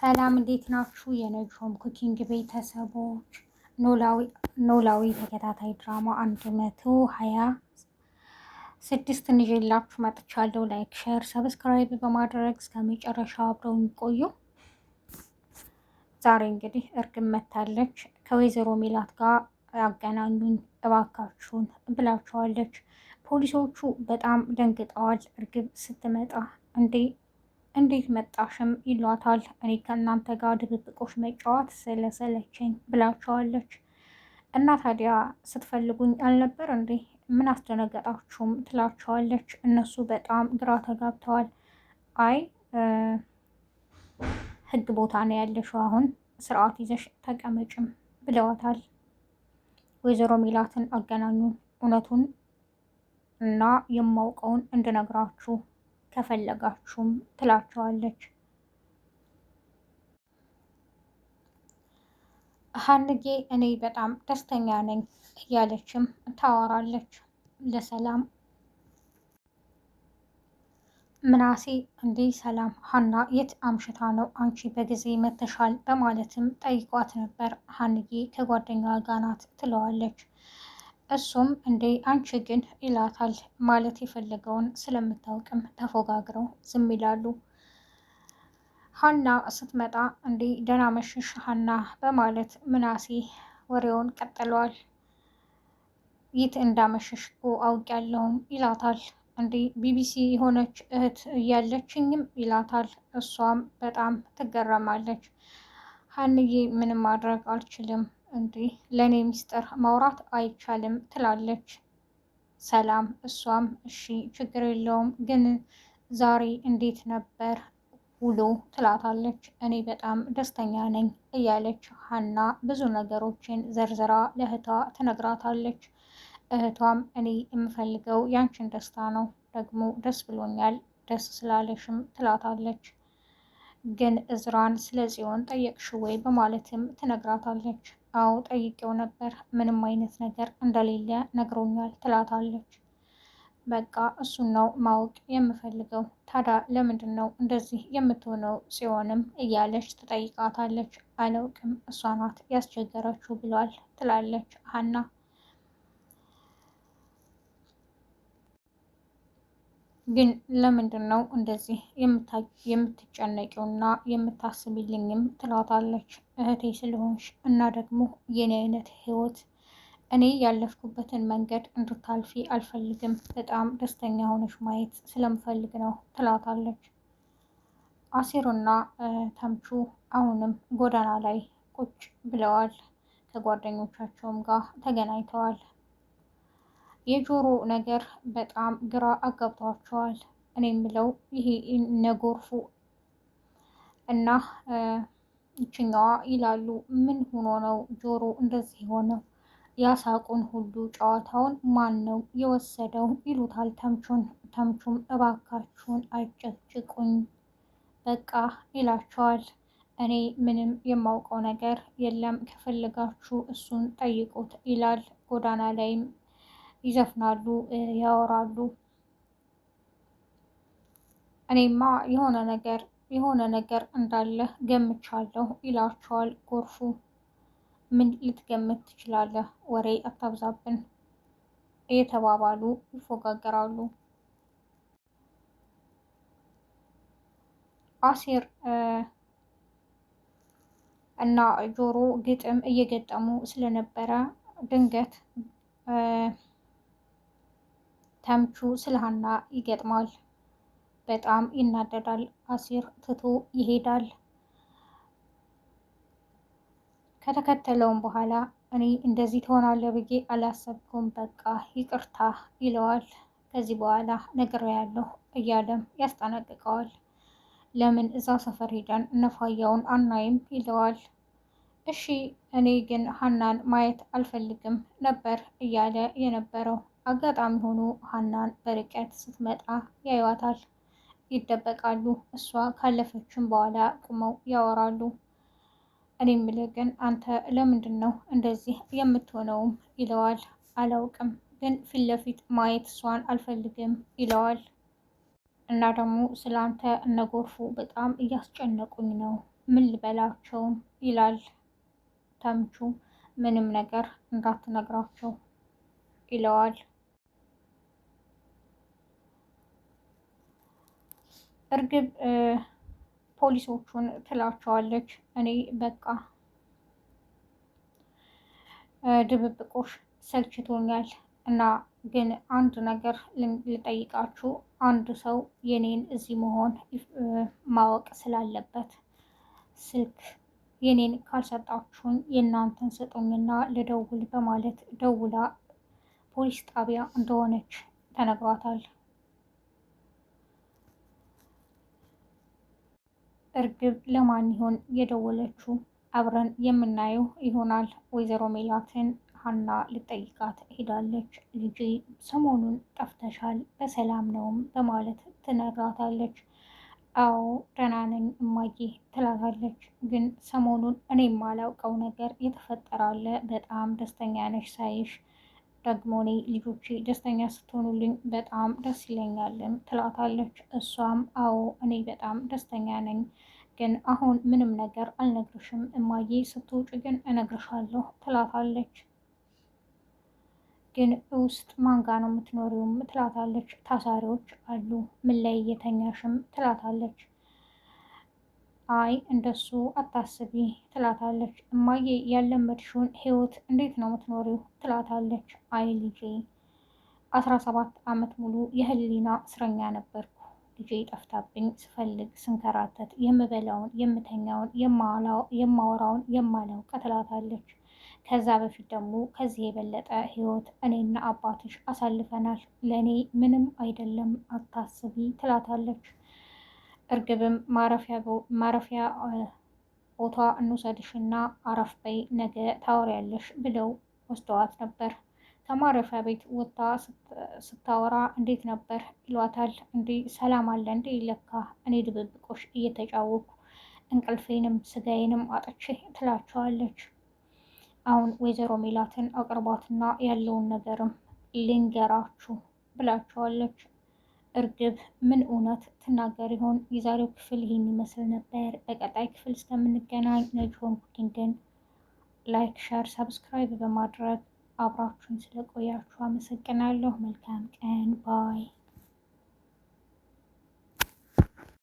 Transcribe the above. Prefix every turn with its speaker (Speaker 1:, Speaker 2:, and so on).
Speaker 1: ሰላም እንዴት ናችሁ? የነጆም ኩኪንግ ቤተሰቦች ኖላዊ ተከታታይ ድራማ አንድ መቶ ሀያ ስድስት እንዤላችሁ መጥቻለሁ። ላይክ ሸር፣ ሰብስክራይብ በማድረግ እስከ መጨረሻው አብረው የሚቆዩ ዛሬ እንግዲህ እርግብ መታለች። ከወይዘሮ ሜላት ጋር ያገናኙኝ እባካችሁን ብላችኋለች። ፖሊሶቹ በጣም ደንግጠዋል። እርግብ ስትመጣ እንዴ እንዴት መጣሽም ይሏታል። እኔ ከእናንተ ጋር ድብብቆሽ መጫወት ስለሰለቸኝ ብላቸዋለች። እና ታዲያ ስትፈልጉኝ አልነበር እንዴ? ምን አስደነገጣችሁም? ትላቸዋለች። እነሱ በጣም ግራ ተጋብተዋል። አይ ህግ ቦታ ነው ያለሽው፣ አሁን ስርዓት ይዘሽ ተቀመጭም ብለዋታል። ወይዘሮ ሜላትን አገናኙ እውነቱን እና የማውቀውን እንድነግራችሁ ከፈለጋችሁም ትላቸዋለች። ሀንጌ እኔ በጣም ደስተኛ ነኝ እያለችም ታወራለች ለሰላም። ምናሴ እንዴ ሰላም፣ ሀና የት አምሽታ ነው አንቺ በጊዜ መተሻል? በማለትም ጠይቋት ነበር። ሀንጌ ከጓደኛዋ ጋር ናት ትለዋለች። እሱም እንዴ አንቺ ግን ይላታል። ማለት የፈለገውን ስለምታውቅም ተፎጋግረው ዝም ይላሉ። ሀና ስትመጣ እንዴ ደህና መሽሽ ሀና በማለት ምናሴ ወሬውን ቀጥሏል ይት እንዳመሸሽ እኮ አውቄያለሁም ይላታል። እንዴ ቢቢሲ የሆነች እህት እያለችኝም ይላታል። እሷም በጣም ትገረማለች። ሀንዬ ምንም ማድረግ አልችልም እንዴ ለእኔ ሚስጥር ማውራት አይቻልም ትላለች ሰላም። እሷም እሺ ችግር የለውም ግን ዛሬ እንዴት ነበር ውሎ ትላታለች። እኔ በጣም ደስተኛ ነኝ እያለች ሀና ብዙ ነገሮችን ዘርዝራ ለእህቷ ትነግራታለች። እህቷም እኔ የምፈልገው ያንቺን ደስታ ነው፣ ደግሞ ደስ ብሎኛል፣ ደስ ስላለሽም ትላታለች። ግን እዝራን ስለ ጽዮን ጠየቅሽ ወይ በማለትም ትነግራታለች። አዎ ጠይቄው ነበር ምንም አይነት ነገር እንደሌለ ነግሮኛል ትላታለች። በቃ እሱን ነው ማወቅ የምፈልገው። ታዲያ ለምንድን ነው እንደዚህ የምትሆነው ሲሆንም እያለች ትጠይቃታለች። አላውቅም እሷ ናት ያስቸገረችው ብሏል ትላለች ሀና ግን ለምንድን ነው እንደዚህ የምትጨነቂውና የምታስብልኝም ትላታለች እህቴ ስለሆንሽ እና ደግሞ የኔ አይነት ህይወት እኔ ያለፍኩበትን መንገድ እንድታልፊ አልፈልግም። በጣም ደስተኛ ሆነሽ ማየት ስለምፈልግ ነው ትላታለች። አሴሩና ተምቹ አሁንም ጎዳና ላይ ቁጭ ብለዋል። ከጓደኞቻቸውም ጋር ተገናኝተዋል። የጆሮ ነገር በጣም ግራ አጋብቷቸዋል። እኔ የምለው ይሄ ነጎርፉ እና ይችኛዋ ይላሉ ምን ሆኖ ነው ጆሮ እንደዚህ የሆነው? ያሳቁን ሁሉ ጨዋታውን ማን ነው የወሰደው ይሉታል ተምቹን። ተምቹም እባካችሁን አጨቅጭቁኝ በቃ ይላቸዋል። እኔ ምንም የማውቀው ነገር የለም ከፈለጋችሁ እሱን ጠይቁት ይላል። ጎዳና ላይም ይዘፍናሉ፣ ያወራሉ። እኔማ የሆነ ነገር የሆነ ነገር እንዳለ ገምቻለሁ ይላቸዋል ጎርፉ። ምን ልትገምት ትችላለህ? ወሬ አታብዛብን እየተባባሉ ይፎጋገራሉ። አሴር እና ጆሮ ግጥም እየገጠሙ ስለነበረ ድንገት ተምቹ ስለ ሀና ይገጥማል። በጣም ይናደዳል። አሲር ትቶ ይሄዳል። ከተከተለውም በኋላ እኔ እንደዚህ ትሆናለህ ብዬ አላሰብኩም፣ በቃ ይቅርታ ይለዋል። ከዚህ በኋላ ነገር ያለሁ እያለም ያስጠነቅቀዋል። ለምን እዛ ሰፈር ሄደን እነፋያውን አናይም ይለዋል። እሺ እኔ ግን ሀናን ማየት አልፈልግም ነበር እያለ የነበረው አጋጣሚ ሆኖ ሀናን በርቀት ስትመጣ ያዩዋታል፣ ይደበቃሉ። እሷ ካለፈችም በኋላ ቁመው ያወራሉ። እኔ የምልህ ግን አንተ ለምንድን ነው እንደዚህ የምትሆነውም? ይለዋል። አላውቅም ግን ፊት ለፊት ማየት እሷን አልፈልግም ይለዋል። እና ደግሞ ስለ አንተ እነጎርፉ በጣም እያስጨነቁኝ ነው፣ ምን ልበላቸውም? ይላል። ተምቹ ምንም ነገር እንዳትነግራቸው ይለዋል። እርግብ ፖሊሶቹን ትላቸዋለች። እኔ በቃ ድብብቆሽ ሰልችቶኛል እና ግን አንድ ነገር ልጠይቃችሁ። አንድ ሰው የኔን እዚህ መሆን ማወቅ ስላለበት ስልክ የኔን ካልሰጣችሁኝ የእናንተን ስጡኝና ልደውል በማለት ደውላ ፖሊስ ጣቢያ እንደሆነች ተነግሯታል። እርግብ ለማን ይሆን የደወለችው? አብረን የምናየው ይሆናል። ወይዘሮ ሜላትን ሀና ልጠይቃት ሄዳለች። ልጅ ሰሞኑን ጠፍተሻል፣ በሰላም ነውም በማለት ትነግራታለች። አዎ ደህና ነኝ እማዬ ትላታለች። ግን ሰሞኑን እኔ የማላውቀው ነገር የተፈጠራለ በጣም ደስተኛ ነሽ ሳይሽ ደግሞ እኔ ልጆቼ ደስተኛ ስትሆኑልኝ በጣም ደስ ይለኛልም ትላታለች። እሷም አዎ እኔ በጣም ደስተኛ ነኝ ግን አሁን ምንም ነገር አልነግርሽም እማዬ፣ ስትውጭ ግን እነግርሻለሁ ትላታለች። ግን ውስጥ ማንጋ ነው የምትኖሪውም ትላታለች። ታሳሪዎች አሉ ምን ላይ እየተኛሽም ትላታለች። አይ እንደሱ አታስቢ ትላታለች። እማዬ ያለመድሽውን ህይወት እንዴት ነው የምትኖሪው ትላታለች። አይ ልጄ አስራ ሰባት አመት ሙሉ የህሊና እስረኛ ነበርኩ ልጄ ጠፍታብኝ ስፈልግ ስንከራተት የምበላውን የምተኛውን የማወራውን የማለው ትላታለች። ከዛ በፊት ደግሞ ከዚህ የበለጠ ህይወት እኔና አባትሽ አሳልፈናል። ለእኔ ምንም አይደለም አታስቢ ትላታለች። እርግብም ማረፊያ ቦታ እንውሰድሽና አረፍ በይ ነገ ታወሪያለሽ ብለው ወስደዋት ነበር። ከማረፊያ ቤት ወጥታ ስታወራ እንዴት ነበር ይሏታል። እንዴ ሰላም አለ እንዴ? ለካ እኔ ድብብቆሽ እየተጫወኩ እንቅልፌንም ስጋዬንም አጥቼ ትላቸዋለች። አሁን ወይዘሮ ሜላትን አቅርባትና ያለውን ነገርም ልንገራችሁ ብላቸዋለች። እርግብ ምን እውነት ትናገር ይሆን? የዛሬው ክፍል ይህን ይመስል ነበር። በቀጣይ ክፍል እስከምንገናኝ ነጅ ሆንኩኝ ላይክ፣ ሸር፣ ሰብስክራይብ በማድረግ አብራችሁን ስለቆያችሁ አመሰግናለሁ። መልካም ቀን ባይ